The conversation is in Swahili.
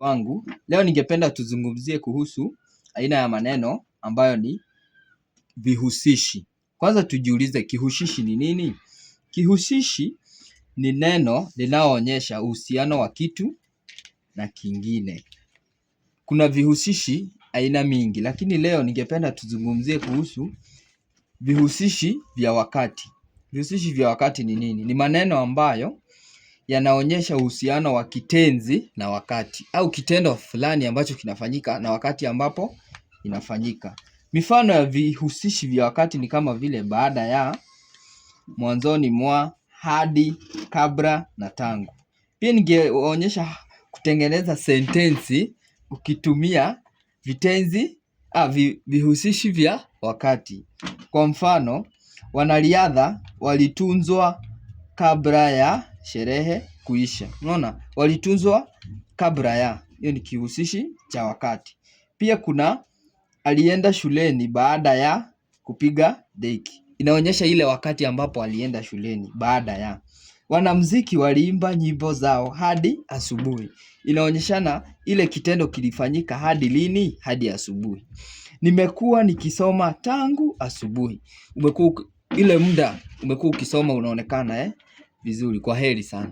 wangu, leo ningependa tuzungumzie kuhusu aina ya maneno ambayo ni vihusishi. Kwanza tujiulize kihusishi ni nini? Kihusishi ni neno linaloonyesha uhusiano wa kitu na kingine. Kuna vihusishi aina mingi, lakini leo ningependa tuzungumzie kuhusu vihusishi vya wakati. Vihusishi vya wakati ni nini? Ni maneno ambayo yanaonyesha uhusiano wa kitenzi na wakati au kitendo fulani ambacho kinafanyika na wakati ambapo inafanyika. Mifano ya vihusishi vya wakati ni kama vile baada ya, mwanzoni mwa, hadi, kabla na tangu. Pia ningeonyesha kutengeneza sentensi ukitumia vitenzi vihusishi vya wakati. Kwa mfano, wanariadha walitunzwa kabla ya sherehe kuisha. Unaona, walitunzwa kabla ya hiyo ni kihusishi cha wakati. Pia kuna alienda shuleni baada ya kupiga deki, inaonyesha ile wakati ambapo alienda shuleni baada ya. Wanamuziki waliimba nyimbo zao hadi asubuhi, inaonyeshana ile kitendo kilifanyika hadi lini? Hadi asubuhi. Nimekuwa nikisoma tangu asubuhi, umekuwa ile muda umekuwa ukisoma unaonekana eh vizuri. heri sana.